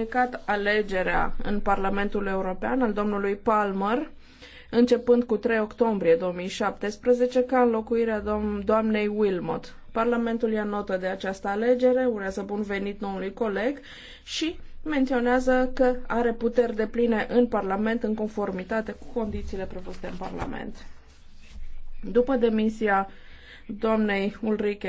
explicat alegerea în Parlamentul European al domnului Palmer, începând cu 3 octombrie 2017, ca înlocuirea dom- doamnei Wilmot. Parlamentul ia notă de această alegere, urează bun venit noului coleg și menționează că are puteri de pline în Parlament în conformitate cu condițiile prevăzute în Parlament. După demisia doamnei Ulrike